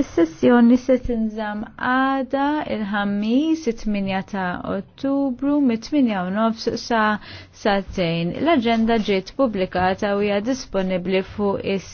is-sessjoni se tinżamm għada il-ħammis 8 ta' Ottubru mit-8 sa' satejn. L-aġenda ġiet pubblikata u hija disponibbli fuq is